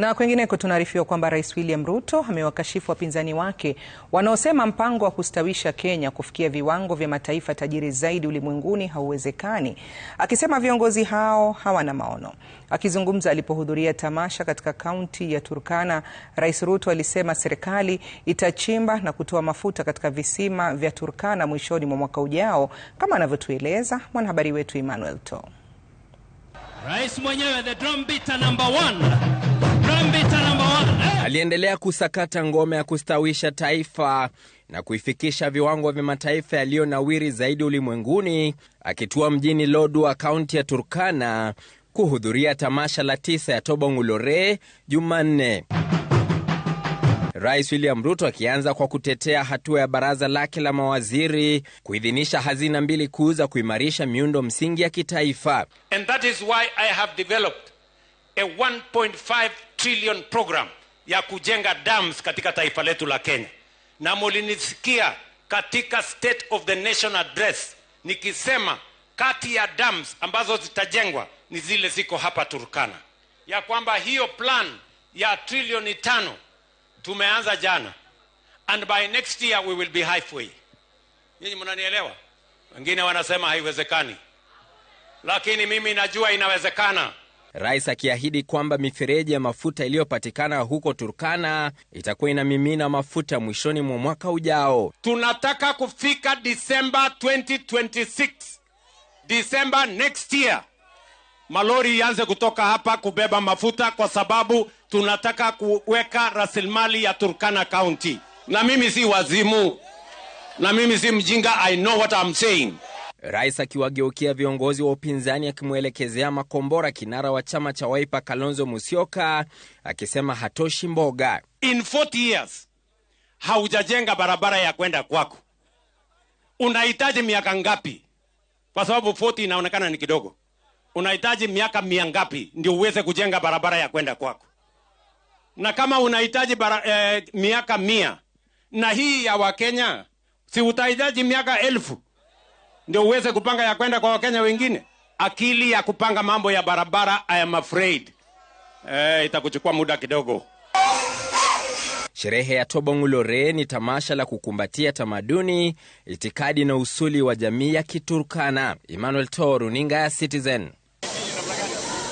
Na kwengineko tunaarifiwa kwamba Rais William Ruto amewakashifu wapinzani wake wanaosema mpango wa kustawisha Kenya kufikia viwango vya mataifa tajiri zaidi ulimwenguni hauwezekani, akisema viongozi hao hawana maono. Akizungumza alipohudhuria tamasha katika kaunti ya Turkana, Rais Ruto alisema serikali itachimba na kutoa mafuta katika visima vya Turkana mwishoni mwa mwaka ujao, kama anavyotueleza mwanahabari wetu Emmanuel To. Rais mwenyewe the beater number one aliendelea kusakata ngome ya kustawisha taifa na kuifikisha viwango vya mataifa yaliyonawiri zaidi ulimwenguni, akitua mjini Lodwar, kaunti ya Turkana kuhudhuria tamasha la tisa ya Toba Ngulore Jumanne. Rais William Ruto akianza kwa kutetea hatua ya baraza lake la mawaziri kuidhinisha hazina mbili kuu za kuimarisha miundo msingi ya kitaifa. And that is why I have developed a 1.5 trillion program ya kujenga dams katika taifa letu la Kenya, na mulinisikia katika State of the Nation Address nikisema kati ya dams ambazo zitajengwa ni zile ziko hapa Turkana, ya kwamba hiyo plan ya trilioni tano tumeanza jana, and by next year we will be halfway. Nyinyi mnanielewa? Wengine wanasema haiwezekani, lakini mimi najua inawezekana rais akiahidi kwamba mifereji ya mafuta iliyopatikana huko Turkana itakuwa inamimina mafuta mwishoni mwa mwaka ujao. Tunataka kufika Disemba 2026, Disemba next year, malori ianze kutoka hapa kubeba mafuta, kwa sababu tunataka kuweka rasilimali ya Turkana County. Na mimi si wazimu, na mimi si mjinga. I know what I'm saying. Rais akiwageukia viongozi wa upinzani akimwelekezea makombora kinara wa chama cha waipa Kalonzo musioka akisema hatoshi mboga. In 40 years haujajenga barabara ya kwenda kwako, unahitaji miaka ngapi? Kwa sababu 40 inaonekana ni kidogo. Unahitaji miaka mia ngapi ndio uweze kujenga barabara ya kwenda kwako? Na kama unahitaji eh, miaka mia na hii ya Wakenya, si utahitaji miaka elfu? ndio uweze kupanga ya kwenda kwa wakenya wengine akili ya kupanga mambo ya barabara i am afraid eh, itakuchukua muda kidogo Sherehe ya Tobongulore ni tamasha la kukumbatia tamaduni, itikadi na usuli wa jamii ya Kiturkana. Emmanuel To, runinga ya Citizen.